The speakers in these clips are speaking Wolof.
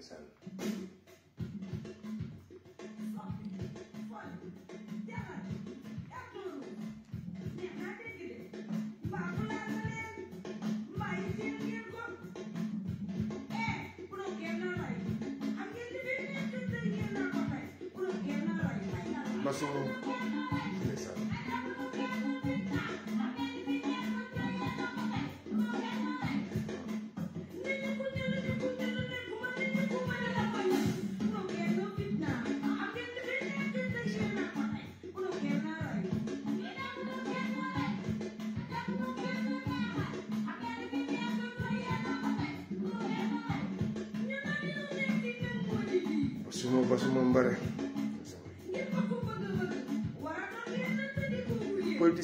this hand.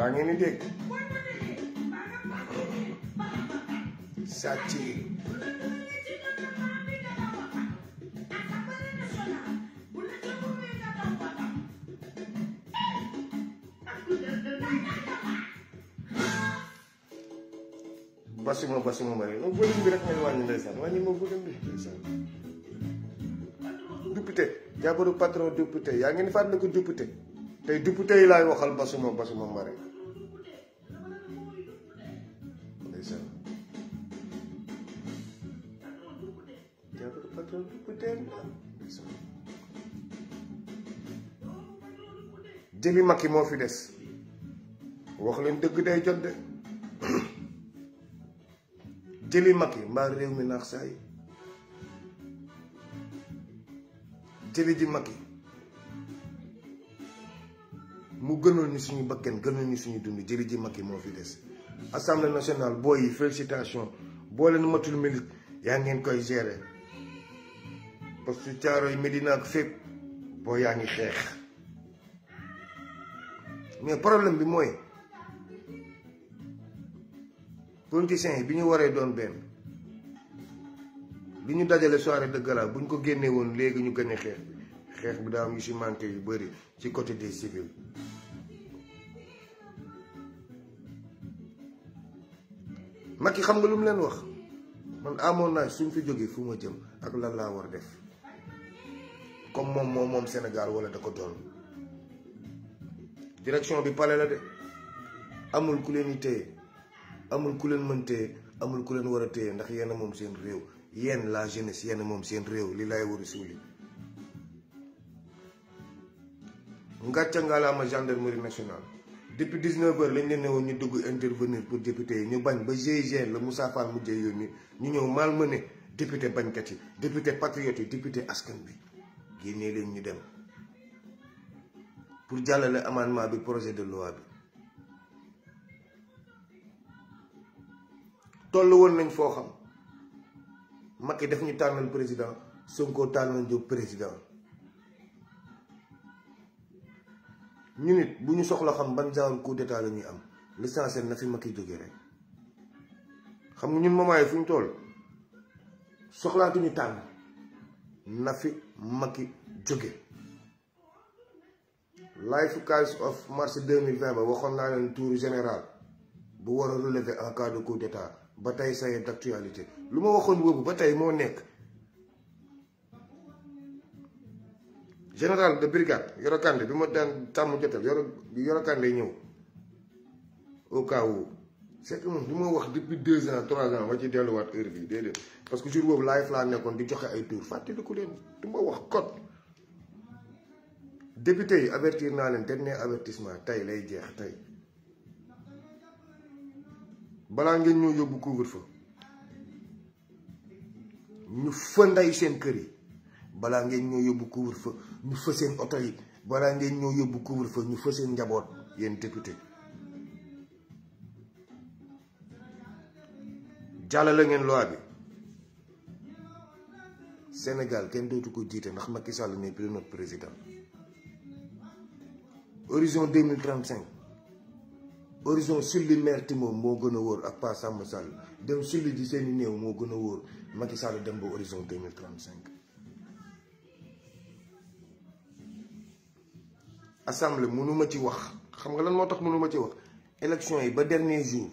Pegang ini dik. Saci. Basing mo, basing mo ba rin? Ubulim birak na luwan nila isan. Wani mo ubulim birak na isan. Dupite. patro dupite. Yang ini fat ko dupite. Tapi dupite ilai wakal basing mau basing mau balik. jëbi Macky moo fi des wax leen dëgg day jot de jëli Macky mbaa réew mi naax saa yi jëli ji Macky mu gënal ni suñu bakken gënal ñu suñu dund jëli ji Macky moo fi des assemblée nationale booy yi félicitation boo leen matul milit yaa ngeen koy gérer parce que caaro yi Medina ak fépp boo yaa ngi xeex mais problème bi mooy politiciens yi bi ñu waree doon benn li ñu dajale soirée de gala bu ñu ko génnee woon léegi ñu gën xeex bi xeex bi daa am yu si manqué yu bëri ci côté des civils Macky xam nga lu mu leen wax man amoon naa suñ fi jógee fu ma jëm ak lan laa war def comme moom moom moom Sénégal wala da ko doon direction bi pale la de amul ku leen téye amul ku leen mën téye amul ku leen war a téye ndax yenn moom seen réew yenn la jeunesse yenn moom seen réew li lay waru suuli ngàcca ngaalaama gendarmerie nationale depuis 19 heures lañ leen ne woon ñu dugg intervenir pour député yi ñu bañ ba GIGN la Moussa Fall mujjee yónni ñu ñëw malmené député bañkat yi député patriote yi député askan bi génnee leen ñu dem pour jàllale amendement bi projet de loi bi toll woon nañ foo xam Macky daf ñu tànnal président Sonko tànnal jóg président ñu nit bu ñu soxla xam ban genre coup d'état la ñuy am l'essentiel na fi Macky jóge rek xam nga ñun moment yi fu ñu toll soxlaatuñu tànn na fi Macky jóge life case of mars 2020 ba waxoon naa leen tour général bu war a relever en cas de coup d'état ba tey ça est d'actualité lu ma waxoon boobu ba tey moo nekk général de brigade Yoro bi ma daan tàmm jotal Yoro Yoro Kandè ñëw au cas où moom du wax depuis deux ans trois ans ma ci delluwaat heure bi déedéet parce que jour boobu live laa nekkoon di joxe ay tour fàttaliku leen du wax code député yi avertir naa leen dernier avertissement tey lay jeex tey balaa ngeen ñoo yóbbu couvre fa nday seen kër yi balaa ngeen ñu fa seen oto yi balaa ngeen ñoo yóbbu couvre-feu ñu fa seen njaboot yéen député jàllale ngeen loi bi Sénégal kenn dootu ko jiite ndax Macky Sall n'est plus notre président horizon 2035 horizon sulli maire Timon mo gën wor ak Pa Samba Sall dem sulli ji seeni néew mo gën wor Macky horizon 2035 assemblée mënuma ci wax xam nga lan moo tax mënuma ci wax élection yi ba dernier jour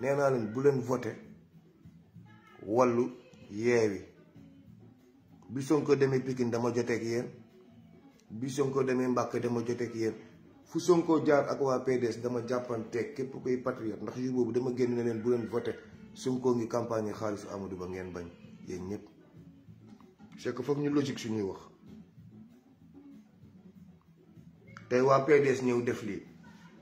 néna naa bu len voté wallu yéwi bi Sonko demee Pikine dama joteeg yéen bi Sonko démé Mbàkke dama ak yéen fu Sonko jaar ak wa PDS dama jappante kep kuy patriote ndax jour boobu dama genn ne bu len voter voté ko ngi campagne khalis Amadou Ba ngeen bañ yeen ñep c'est que foog ñu logique suñuy wax tay wa PDS ñew def li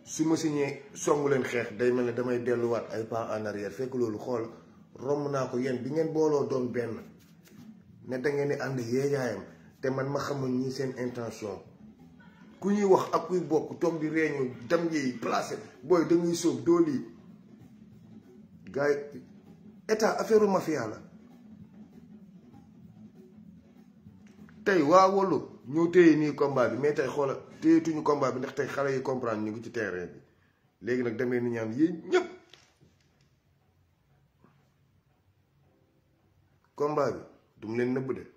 su ma signé songu len xex day melni damay delu wat ay pas en arrière fekk lolu xol rom na ko yeen bi ngeen bolo doon ben ne da ngeen ni and te man ma xamul ñi seen intention ku ñuy wax ak kuy bokk toog di réunion dem yi placé booy dañuy sóob doo lii gars yi état affaire mafia la tey waa Wallu ñoo téye nii combat bi mais tey xoola téyetuñu combat bi ndax tey xale yi comprendre ñu ngi ci terrain bi léegi nag dem ni ñaan yéen ñëpp combat bi du leen nëbb de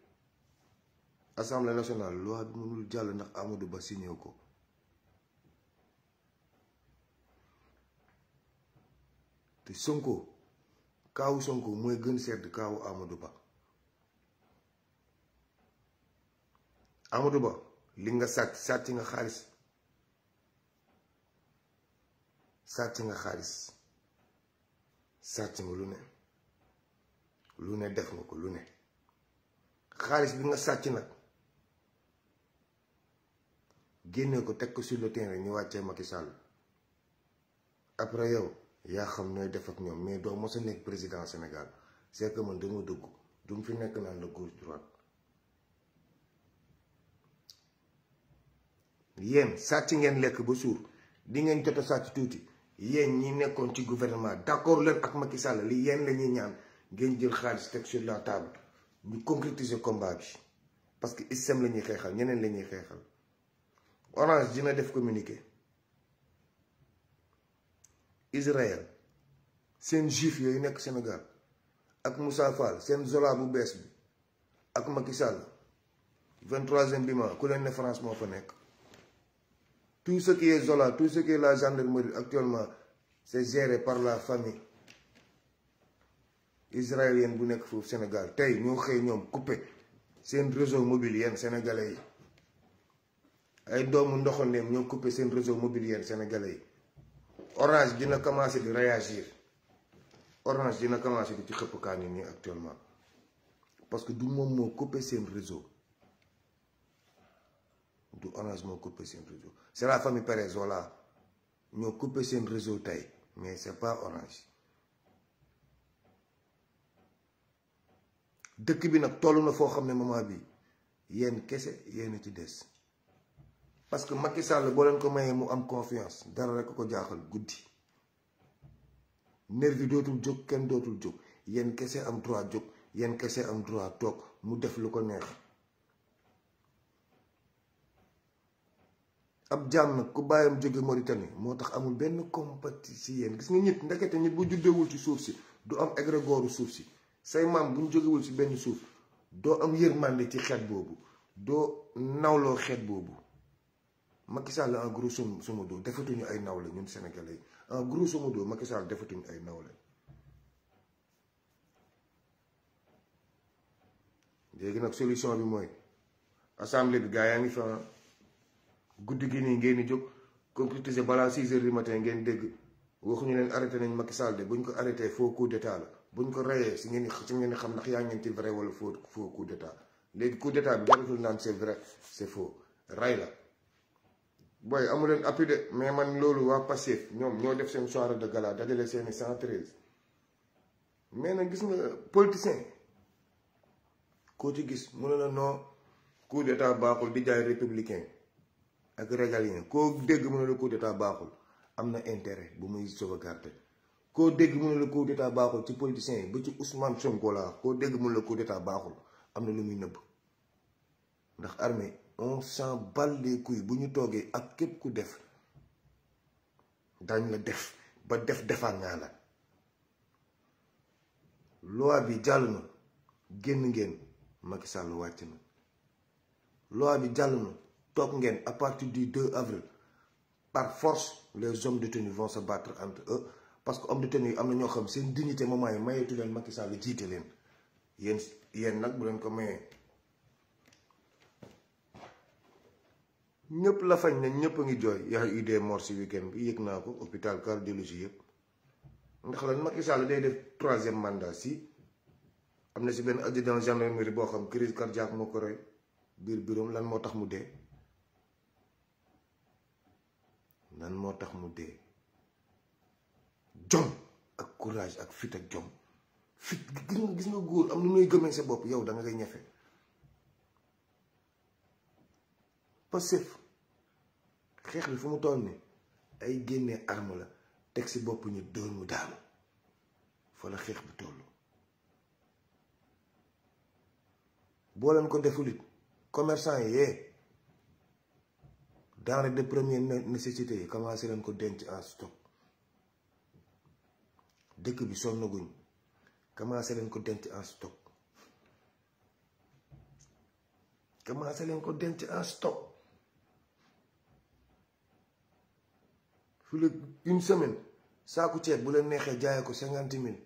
assemblée nationale loi bi mënul jàll ndax amadu Ba signé ko te Sonko kaawu Sonko mooy gën sedd kaawu Amadou Ba Amadou Ba li nga sàcc sàcc nga xaalis sàcc nga xaalis sàcc nga lu ne lu ne def nga ko lu ne xaalis bi nga sàcc nag génne ko teg ko sur le terrain ñu wàccee Macky Sall après yow yaa xam nooy def ak ñoom mais doo mos a nekk président Sénégal c'est que man dama dugg du mu fi nekk naan la gauche droite yéen sàcc ngeen lekk ba suur di ngeen jot a sàcc tuuti yéen ñi nekkoon ci gouvernement d'accord leen ak Macky Sall li yéen la ñuy ñaan ngeen jël xaalis teg sur la table ñu concrétiser combat bi parce que système la ñuy xeexal ñeneen la ñuy xeexal. orange dina def communique Israël seen juif yooyu nekk Sénégal ak Moussa Fall seen Zola bu bees bi ak Macky Sall 23e bi ma ku leen ne France moo fa nekk tout ce qui est Zola tout ce qui est la gendarmerie actuellement c'est géré par la famille israélienne bu nekk foofu Sénégal tey ñoo xëy ñoom coupé seen réseau mobile yenn sénégalais yi. ay doomu ndoxoneem ñoo coupé seen réseau mobilière sénégalais yi orange dina commencé di réagir orange dina commencé di ci xëpp kaani nii actuellement parce que du moom moo coupé seen réseau du orange moo coupé seen réseau c'est la famille Perez voilà ñoo coupé seen réseau tey mais c'est pas orange dëkk bi nag toll na foo xam ne moment bi yéen kese yéen a ci des. parce que Macky Sall boo leen ko mayee mu am confiance dara rek ko jaaxal guddi nervi dootul jóg kenn dootul jóg yéen kese am droit jóg yéen kese am droit toog mu def lu ko neex ab jaam nag ku bàyyam jóge Mauritanie moo tax amul benn compati si yéen gis nga nit ndekete nit bu juddeewul ci suuf si du am égrégore suuf si say maam bu ñu jógewul ci benn suuf doo am yërmande ci xeet boobu doo nawloo xeet boobu Macky Sall en grosso modo defatuñu ay la ñun sénégalais en grosso modo Macky Sall defatuñu ay la léegi nag solution bi mooy assemblée bi gaa yaa ngi fa guddi gi nii ngeen di jóg concrétiser balaa 6 heures du matin ngeen dégg waxuñu leen arrêté nañ Macky Sall de buñ ko arrêté foo coup d'état la buñ ko reyee si ngeen si xam ndax yaa ngeen ci vrai wala foo faux coup d'état léegi coup d'état bi daratul naan c'est vrai c'est faux rey la. booy amu leen appui de mais man loolu waa Pastef ñoom ñoo def seen soirée de gala dajale seeni 113 mais nag gis nga politicien koo ci gis mu ne la non coup d'état baaxul di jaay républicain ak régalien koo dégg mu ne la coup d'état baaxul am na intérêt bu muy sauvegarder koo dégg mu ne la coup d'état baaxul ci politicien yi bu ci Ousmane Sonko laa koo dégg mu ne la coup d'état baaxul am na lu muy nëbb ndax armée on s'en bat les couilles bu ñu toogee ak képp ku def dañ la def ba def defar naa la loi bi jàll na génn ngeen Macky loi bi jàll na toog à partir du 2 avril par force les hommes de tenue vont se battre entre eux parce que hommes de tenue yi am na ñoo xam seen dignité moment yi mayeetu leen Macky Sall jiite leen yéen yéen nag bu leen ko mayee ñëpp la fañ nañ ñëpp a ngi jooy yaa ngi des morts ci week-end bi yëg naa ko hôpital cardiologie yëpp ndax lan Macky Sall day def troisième mandat si am na si benn adjudant gendarmerie boo xam crise cardiaque moo ko biir biroom lan moo tax mu dee moo tax mu dee jom ak courage ak fit ak jom fit gis nga gis góor am lu nuy gëmee sa bopp yow da nga koy ñefe passif xex li fu mu toll ni ay génnee arme la teg si bopp ñu doomu mu daanu fa la xeex bi toll boo leen ko defulit commerçant yi yee eh, denrée de première nécessité yi commencé leen ko denc en stock dëkk bi sonnaguñ commencé leen ko denc en stock commencé leen ko denc en stock fii la une semaine saaku ceeb bu leen neexee jaayee ko cinquante mille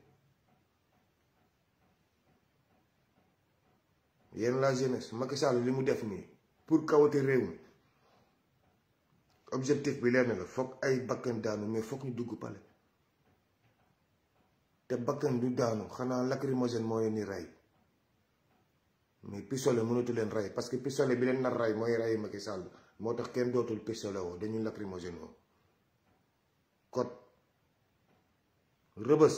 yenn la jeunesse Macky Sall li mu def nii pour kawate réew mi objectif bi leer na la foog ay bakkan daanu mais fokk ñu dugg pale te bakkan du daanu xanaa lacrymogène moo leen di rey mais pistolet mënatu leen rey parce que pistolet bi leen nar rey mooy rey Macky Sall moo tax kenn dootul pistolet woo dañu lacrymogène woo kon rëbës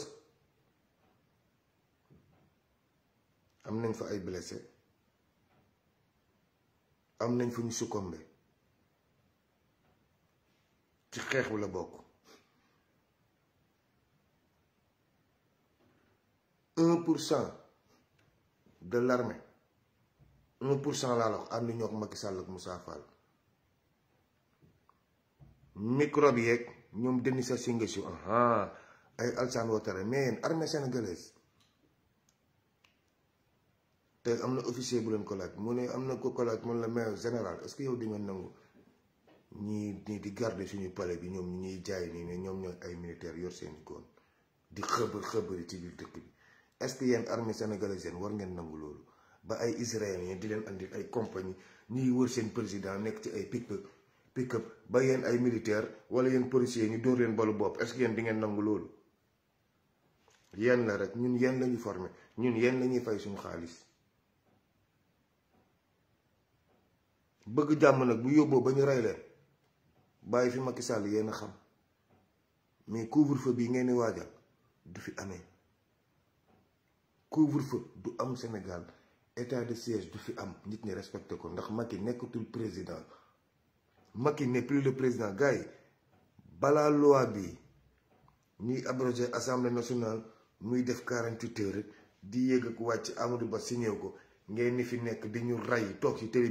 am nañ fa ay blessé am nañ fa ñu succombé ci xeex bi la bokk un pour cent de l'armée un pour cent laa la wax ànd ñoo ko Macky Sall ak Moussa Fall microbe yeeg ñoom Denis Sassou Nguesso ah ay Alassane Ouattara mais yéen armée sénégalaise te am na officier bu leen ko laaj mu ne am na ko ko laaj man la maire général est que yow di nga nangu ñii ñii di garder suñu palais bi ñoom ñuy jaay nii ne ñoom ñooy ay militaires yor seen ikoon di xëbër xëbëri ci biir dëkk bi est-ce que yéen armée sénégalaise war ngeen nangu loolu ba ay israéliens di leen andil ay compagnie ñuy wër seen président nekk ci ay pic-pic pick-up ba yéen ay militaire wala yéen policier ñu dóor leen balu bopp est-ce que yéen di ngeen nangu loolu yéen la rek ñun yéen lañu formé ñun yéen lañuy fay suñu xaalis bëgg jàmm nag bu yóbboo ba ñu rey leen bàyyi fi Macky Sall yéen a xam mais couvre-feu bii ngeen di waajal du fi amee couvre-feu du am Sénégal état de siège du fi am nit ñi respecté ko ndax Macky nekkatul président Macky n'est plus le président gars Bala loi bi abrogé assemblée nationale muy def 48 heures rek di yéeg ak wàcc Amadou Ba signé ko ngeen ni fi nekk di ñu ray toog ci télé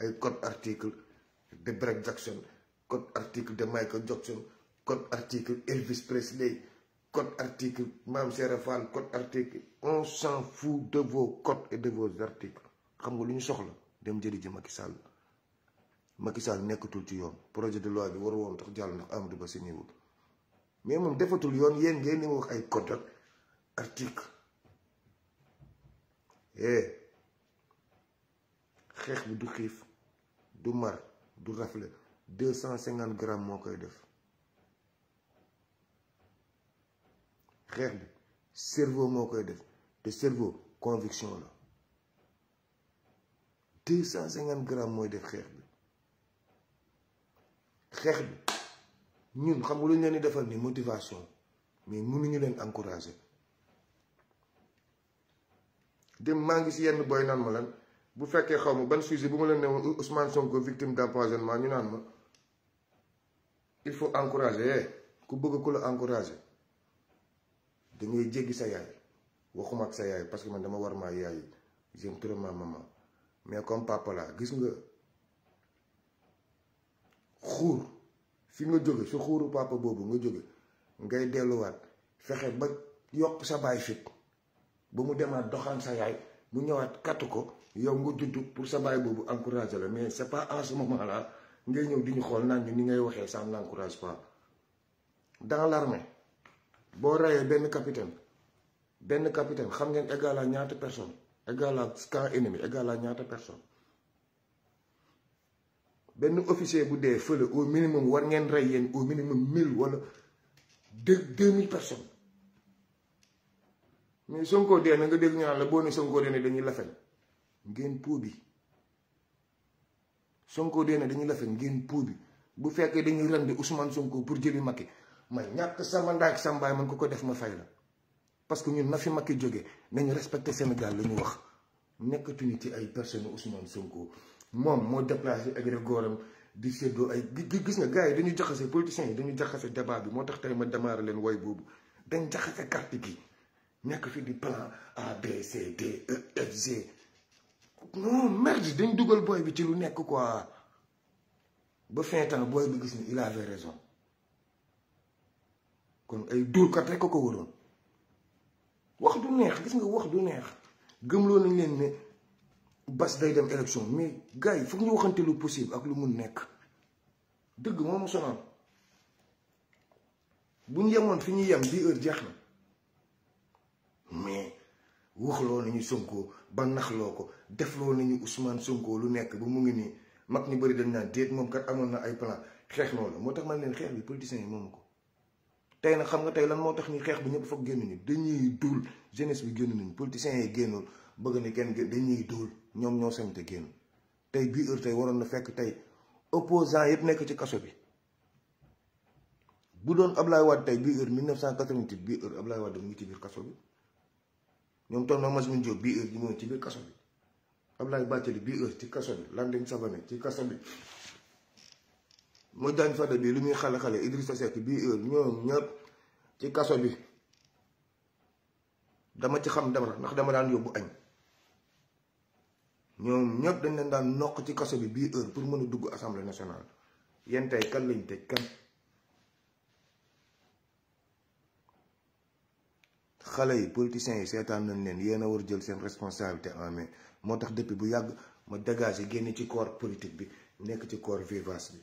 ay code article de Brett Jackson code article de Michael Jackson code article Elvis Presley code article Mme Serrafal, code article on s'en fout de vos codes et de vos articles xam nga lu ñu soxla dem jëli ji Macky Sall nekkatul ci yoon projet de loi bi war woon tax jàll ndax Amadou Ba signé wul mais moom defatul yoon yéen ngeen wax ay code ak article eh, xeex bi du xiif du mar du rafle deux cent cinquante grammes moo koy def xeex bi cerveau moo koy def te cerveau conviction la deux cent cinquante grammes mooy def xeex bi xeex bi ñun xam nga lu ñu leen defal ni motivation mais mënuñu leen encourager dem maa ngi si yenn boy naan ma lan bu fekkee xaw ma ban sujet bu ma leen ne woon euh, Ousmane Sonko victime d'empoisonnement ñu naan ma il faut encourager eh, ku bëgg ku la encourager da ngay jéggi sa yaay waxuma ak sa yaay parce que man dama war ma yaay j'aime trop ma maman mais comme papa laa gis nga xuur fi nga joge fi xuuru papa bobu nga joge ngay wat fexé ba yok sa bay fit bu mu déma doxan sa yaay mu ñëwaat kattu ko yow nga judd pour sa bay bobu encourager la mais c'est pas en ce moment là ngay ñëw diñu xol nañ ni ngay waxee ça n'encourage pas dans l'armée bo rayé ben capitaine ben capitaine xam ngeen égal à ñaata personne égal à camp ennemi égal à ñaata personne benn officier bu dé feulé au minimum war ngén ray yén au minimum 1000 wala 2000 personnes mais Sonko dee na nga dégg ñaan naan la boo ne Sonko dé né dañuy lafen ngén po bi Sonko dé né dañuy lafen ngén po bi bu féké dañuy rende Ousmane Sonko pour jëli Macky ma ñàkk sama ndak sama bay man ko ko def ma fay la parce que ñun na fi Macky joggé nañu respecter Sénégal lañu wax nekkatuñu ci ay personnes Ousmane Sonko. Mom, mo déplacé ak di ay gis nga gars dañu politiciens dañu débat bi motax tay ma len way bobu dañ carte fi di plan A B C D E F G non merde dañ dougal Boy bi ci lu nek quoi ba fin temps Boy bi il avait raison kon ay ko wax du neex nga wax du neex nañ ne. bas day dem élection mais gars yi foog ñu waxante lu possible ak lu mun nekk dëgg moom ma sonal bu ñu yemoon fi ñuy yem bii heure jeex na mais waxloo nañu Sonko ba naxloo ko defloo nañu Ousmane Sonko lu nekk ba mu ngi nii mag ñu bëri dañ naan déet moom kat amoon na ay plan xeex noonu moo tax man leen xeex bi politiciens yi moomu ko. tey nag xam nga tey lan moo tax ñu xeex bi ñëpp foog génn ñu dañuy dóol jeunesse bi génn nañu politiciens yi génnul bëgg ne kenn dañuy dóol ñoom ñoo sañ te génn tey bii heure tey waroon na fekk tey opposant yëpp nekk ci kaso bi bu doon Ablaye Wade tey bii heure 1988 bii heure Ablaye Wade mu ngi ci biir kaso bi ñoom toog na Mazmine Diop bii heure ñu ci biir kaso bi Ablaye Bathily bii heure ci kaso bi Landing Savané ci kaso bi. mu jaañ fada bii lu muy xale xale Idrissa Seck bii heure ñoom ñëpp ci kaso bi dama ci xam dama ndax dama daan yóbbu añ ñoom ñëpp dañ leen daan noq ci kaso bi bii heure pour mën a dugg assemblée nationale yéen tey kan lañ tëj kan xale yi politiciens yi seetaan nañ leen yéen a war jël seen responsabilité en main moo tax depuis bu yàgg ma dégagé génne ci corps politique bi nekk ci corps vivace bi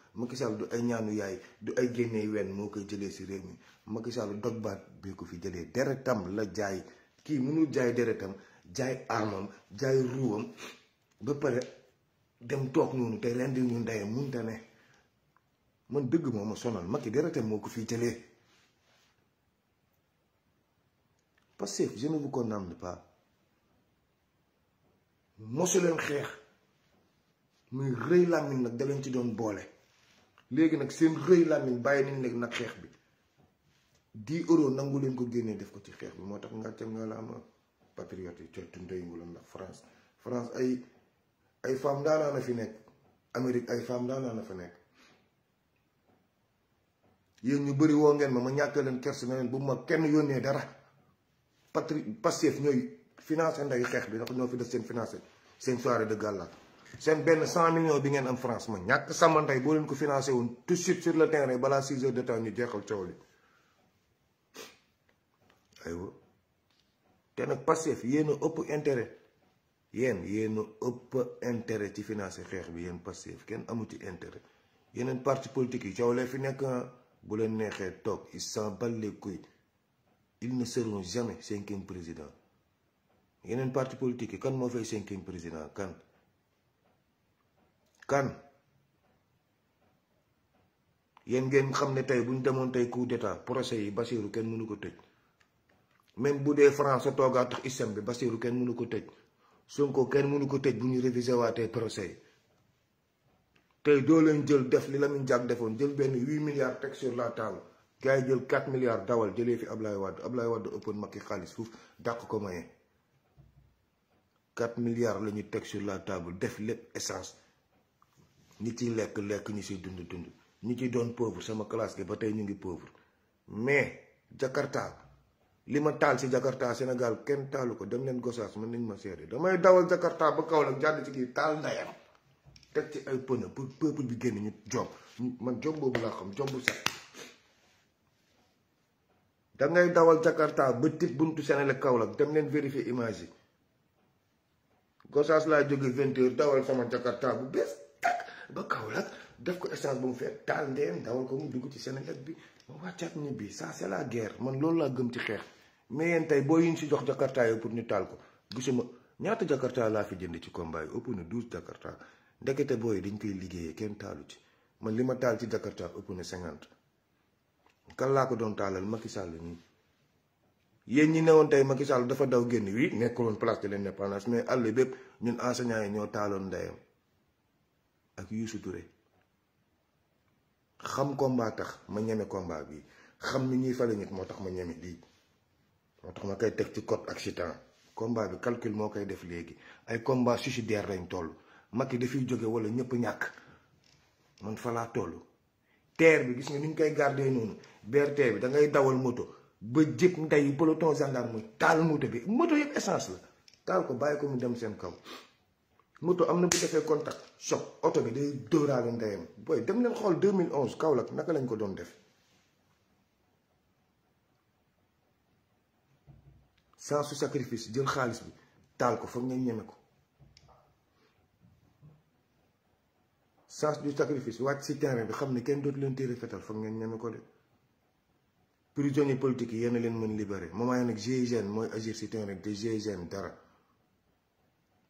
Macky Sall du ay ñaanu yaay du ay génnee wenn moo koy jëlee si réew mi Macky Sall dog baat bi ko fi jëlee deretam la jaay kii mënul jaay deretam jaay armam jaay ruwam ba pare dem toog noonu te leen di ñu ndeyam mënta ne man dëgg moo ma sonal Macky deretam moo ko fi jëlee Pastef je ne vous condamne pas mosu leen xeex muy rëy làmmiñ nag da leen ci doon boole. léegi nag seen rëy làmmiñ bàyyi nañ nekk nag xeex bi di euro nangu leen ko génne def ko ci xeex bi moo tax ngàcce nga la ama patriote yi cottu ndeygu la ndax France France ay ay femmes daanaa a fi nekk Amérique ay femmes daanaa na fa nekk yéen ñu bari woo ngeen ma ma ñàkk leen kersi na leen bu ma kenn yónnee dara patri Pastef ñooy financé ndeyu xeex bi ndax ñoo fi def seen financé seen soirée de gala seen benn cent millions bi ngeen am France ma ñàkk sàmm tey boo leen ko financé woon tout de suite sur le terrain balaa six heures de temps ñu jeexal coow li aywa te nag Pastef yéen ëpp intérêt yéen yéen a ëpp intérêt ci financé xeex bi yéen Pastef kenn amu ci intérêt yeneen parti politique yi coow lee fi nekk ah. bu leen neexee toog ils s'en battent les couilles ils ne seront jamais cinquième président yeneen parti politique yi kan moo fay cinquième président kan. kan yéen ngeen xam ne tey bu ñu demoon tey coup d'état procès yi basiiru kenn mënu ko tëj même bu dee France sa toogaa tax système bi Bassirou kenn mënu ko tëj ko kenn mënu ko tëj bu ñu révisé waatee procès yi tey doo leen jël def li la Lamine Diack defoon jël benn huit milliards teg sur la table gars yi jël quatre milliards dawal jëlee fi Ablaye Wade Ablaye Wade ëppoon Macky xaalis foofu dàq ko maye quatre milliards la ñu teg sur la table def lépp essence. nit ciy lek lek ñu ci dund dund ñi ci doon pauvre sama classe ge batay ñu ngi pauvre mais jakarta Lima tal ci jakarta senegal kenta loko. ko dem len gossas man nañ ma séré damay dawal jakarta ba kaw nak jadd ci kii tal ndayam tek ci ay pone pour peuple bi genn ñu job man job bobu la xam job sax da ngay dawal jakarta ba tip buntu senegal kaw nak dem len vérifier image gossas la joggé 20 h dawal sama jakarta bu ba Kaolack def ko essence ba mu fekk taal ndeyam dawal ko mu dugg ci Sénégal bi ma wàccaat ñibbi ça c'est la guerre man loolu laa gëm ci xeex mais yéen tey boo yuñ si jox jakarta pour ñu taal ko gisuma ñaata jakarta laa fi jënd ci combat yi ëpp na douze jakarta ndekete booy dañ koy liggéeyee kenn taalu ci man li ma taal ci jakarta ëpp na cinquante kan laa ko doon taalal Macky Sall nii yéen ñi newoon tey Macky Sall dafa daw génn wi nekkuloon place de mais àll bépp ñun enseignants ñoo taaloon ndeyam ak Youssou Touré xam combat tax ma ñeme combat bi xam ni ñuy fale nit moo tax ma ñeme lii moo tax ma koy teg ci code accident combat bi calcul moo koy def léegi ay combat suicidaire lañ toll yi dafiy jóge wala ñëpp ñàkk man fa laa toll terre bi gis nga ni ñu koy garder noonu BRT bi da ngay dawal moto ba jëpp ndeyu peloton gendarme taal moto bi moto yëpp essence la taal ko bàyyi ko mu dem seen kaw. moto amna bu defé contact choc auto bi day dóoraale ndayam boy dem len xol 2011 Kaolack naka lañ ko don def sans su sacrifice jël xaliss bi tal ko fakk ñeñ ñeme ko sans du sacrifice wàcc ci terrain bi xamni ne kenn dootu leen téré fetal fakk ñeñ ñeme ko de prisonnier politique yéna leen mëne libérer moment yi nag GIGN mooy agir ci terrain te GIGN dara.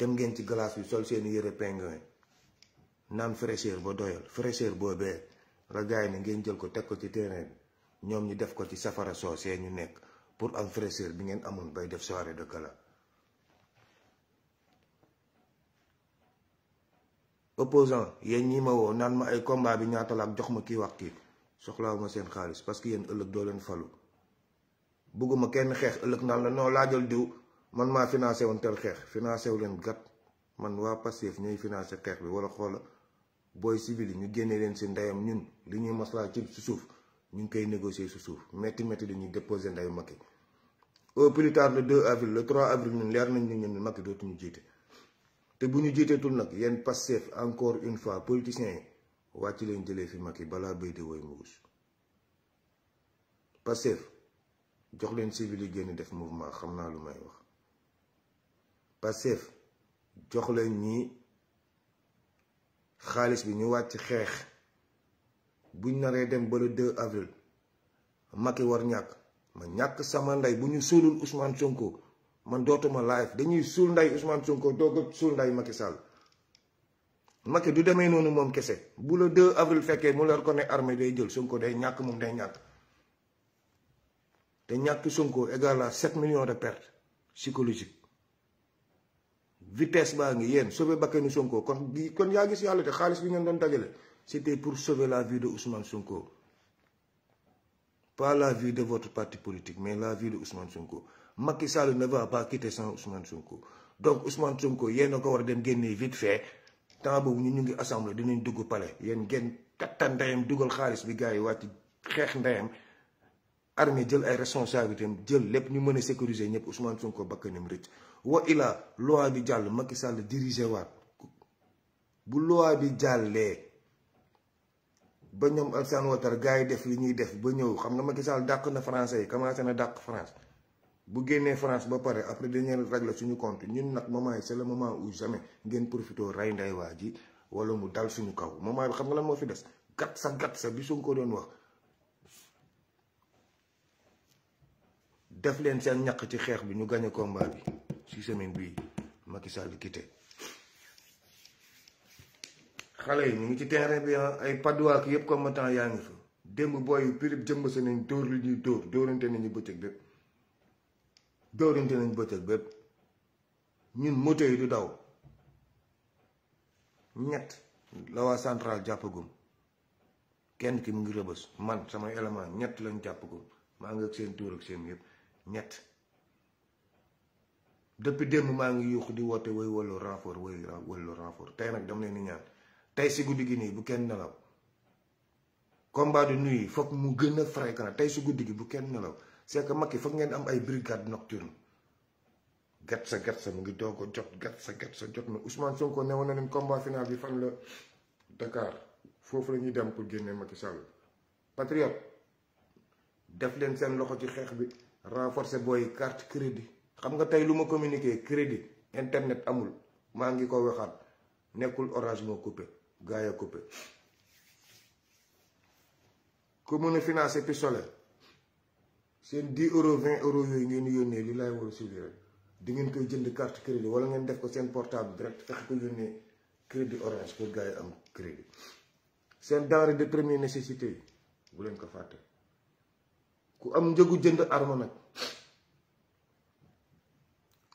dem ngeen ci glace bi sol seen yére pingouin naan fraîcheur ba doyal fraîcheur boobee la gars yi ne ngeen jël ko teg ko ci terrain bi ñoom ñu def ko ci safara soosee ñu nekk pour am fraîcheur bi ngeen amoon bay def soirée de gala opposant yéen ñi ma woo naan ma ay combat bi ñaata la ak jox ma kii wax kii ma seen xaalis parce que yéen ëllëg doo leen falu bëgguma kenn xeex ëllëg naan la noo laajal diw man ma financé won tel xex financé wu gat man wa Pastef ñuy financer xeex bi wala xol boy civil ñu génnee len ci ndayam ñun li ñuy maslaa ci suuf ñu ngi koy négocier su suuf metti métti dañuy déposer ndayu makki au plus tard le 2 avril le 3 avril ñu leer nañ ñu makki dootu ñu jité té bu ñu tul nak yeen Pastef encore une fois Politicien, yi leen jëlee fi makki bala béy di woy muus Pastef jox leen civil yi génn def mouvement xamna lu may wax. Pastef jox leen ñi xaalis bi ñu wàcc xeex buñ naree dem ba le 2 avril Macky war ñàkk ma ñàkk sama ndey bu ñu suulul Ousmane Sonko man dootuma live dañuy suul nday Ousmane Sonko doo a suul nday Macky Sall Macky du demee noonu moom kese bula le 2 avril fekkee mu leer ko ne armée day jël Sonko day ñàkk moom day ñàkk te ñàkk Sonko égal à 7 millions de pertes psychologiques vitesse baa ngi yéen sauver bakkanu Sonko kon kon yaa gis yàlla te xaalis bi ngeen doon dajale c'était pour sauver la vie de Ousmane Sonko pas la vie de votre parti politique mais la vie de Ousmane Sonko Macky Sall ne va pas quitter sans Ousmane Sonko donc Ousmane Sonko yéen a ko war a dem génnee vite fait temps boobu ñu ñu ngi assemblée dinañ dugg palais yéen ngeen katta ndeyam dugal xaalis bi gars yi wàcc xeex ndeyam. armée jël ay responsabilités jël lépp ñu mën a sécuriser ñëpp Ousmane Sonko bakkanam rëcc wa ila loi bi jàll Macky Sall dirigé waa bu loi bi jàllee ba ñoom Alassane Ouattara gars yi def li ñuy def ba ñëw xam nga Macky Sall dàq na français yi commencé na dàq France bu génnee France ba pare après dañu la suñu compte ñun nag moment yi c'est le moment où jamais ngeen profité rey nday waa ji wala mu dal suñu kaw moment bi xam nga lan moo fi des gàtt sa gàtt sa bi Sonko doon wax. def leen sen ñak ci xex bi ñu gagné combat bi si semaine bi Macky Sall quitté xalé ñu ci terrain bi ah, ay ak yépp combattant ya ngi fa demb boy yu pirip jëm sa nañ door li door dóor nañ ñu bëcëk bépp dóorante nañ bëcëk bépp ñun moto yi du daw ñet la wa central jappagum kenn ki mu ngi rebeus man sama élément ñet lañ jappagum ma nga ak seen tour ak seen yépp Net. depuis démb ma ngi yux di wote way wolo renfort way wolo renfort tay nak dama leen ni ñaan tay ci guddigi ni bu kenn nalaw combat de nuit fokk mu gëna fréquent tay ci guddigi bu kenn nalaw c'est que makki fokk ngeen am ay brigade nocturne gat sa gat sa mu ngi gatsa jot gat sa gat sa jot na Ousmane Sonko newoon na combat final bi fan la Dakar fofu la dem pour génne Macky Sall patriote def leen sen loxo ci xex bi renforcer booy carte crédit xam nga tey lu ma communiqué crédit internet amul maa ngi ko waxaat nekkul orange moo coupé gaay a coupé ku mën a financer pistolet seen 10 euro 20 euro yooyu ngeen yónnee li laay war a suivi di ngeen koy jënd carte crédit wala ngeen def ko seen portable direct fexe ko yónnee crédit orange pour gaay am crédit seen denrée de première nécessité yi bu leen ko fàtte ku am njëgu jënd arme nag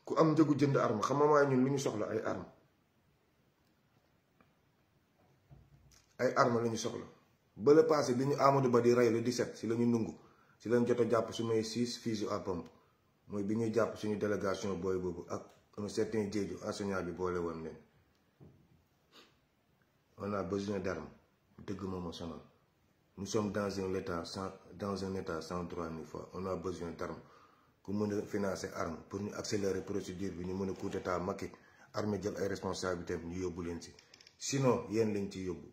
ku am njëgu jënd arme xam nga waaye ñun lu ñu soxla ay arme ay arme la ñu soxla bële passé bi ñu Amadou Ba di rey le 17 si la ñu nungu si lañ jot jàpp su may 6 fusil à mooy bi ñuy jàpp suñu délégation booy boobu ak un certain jéeju bi boole woon leen on a besoin d'armes dëgg moom moo sonal Nous sommes dans un état sans, dans un état sans droit ni foi. On a besoin d'armes. Comment nous financer armes, pour accélérer la procédure, pour nous coup d'état maqué, armée de la responsabilité, nous yobou Sinon, yen l'en Il yobou.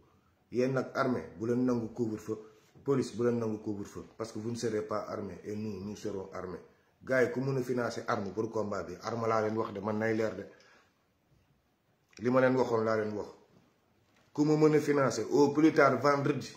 a nak armée, boulen nangu couvre-feu, police, boulen nangu couvre-feu, parce que vous ne serez pas armés et nous, nous serons armés. gars comment financer arme pour combat bi arme la leen wax de man nay de li ma leen Je vous wax financer au plus tard vendredi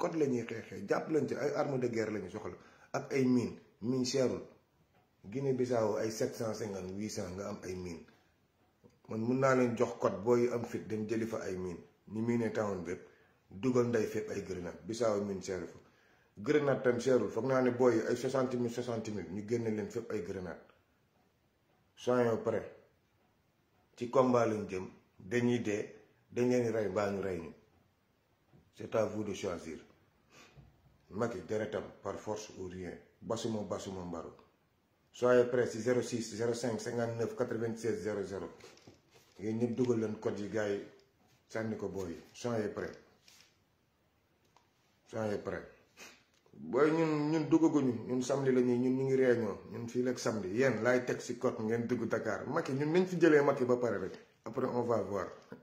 code la ñuy xeexee jàpp leen ci ay armes de guerre la ñu soxla ak ay mine mine cherul Guinée Bissau ay 750 800 nga am ay mine man mun naa leen jox code booy am fit dañ jëli fa ay mine ñu miine town bépp dugal nday fépp ay grenade Bissau mine cheru fa grenade tam cherul foog naa ne booy ay 60 000 60 000 ñu génne leen fépp ay grenade soyo pare ci combat lañ jëm dañuy dee dañ leen rey mbaa ñu rey ñu c'est à vous de Macky deretam par force ou rien basuma basuma mbaru soyez prêts si cinq 06 05 59 96 00 ngeen ñëpp dugal leen code yi gars yi sànni ko yi booy soyez prêts soyez prêts booy ñun ñun duggaguñu ñun samedi la ñuy ñun ñu ngi réunion ñun fi lekk samedi yéen laay teg si code ngeen dugg Dakar yi ñun nañ fi jëlee yi ba pare rek après on va